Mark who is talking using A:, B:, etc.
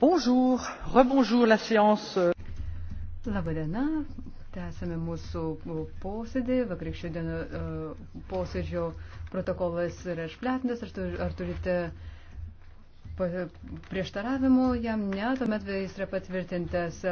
A: Bonjour, rebonjour la séance. Euh.
B: Labadiena, tęsame mūsų posėdį, vakarykščio dieno euh, posėdžio protokolas yra išplatintas, ar, ar turite prieštaravimų jam, ne, tuomet jis yra patvirtintas.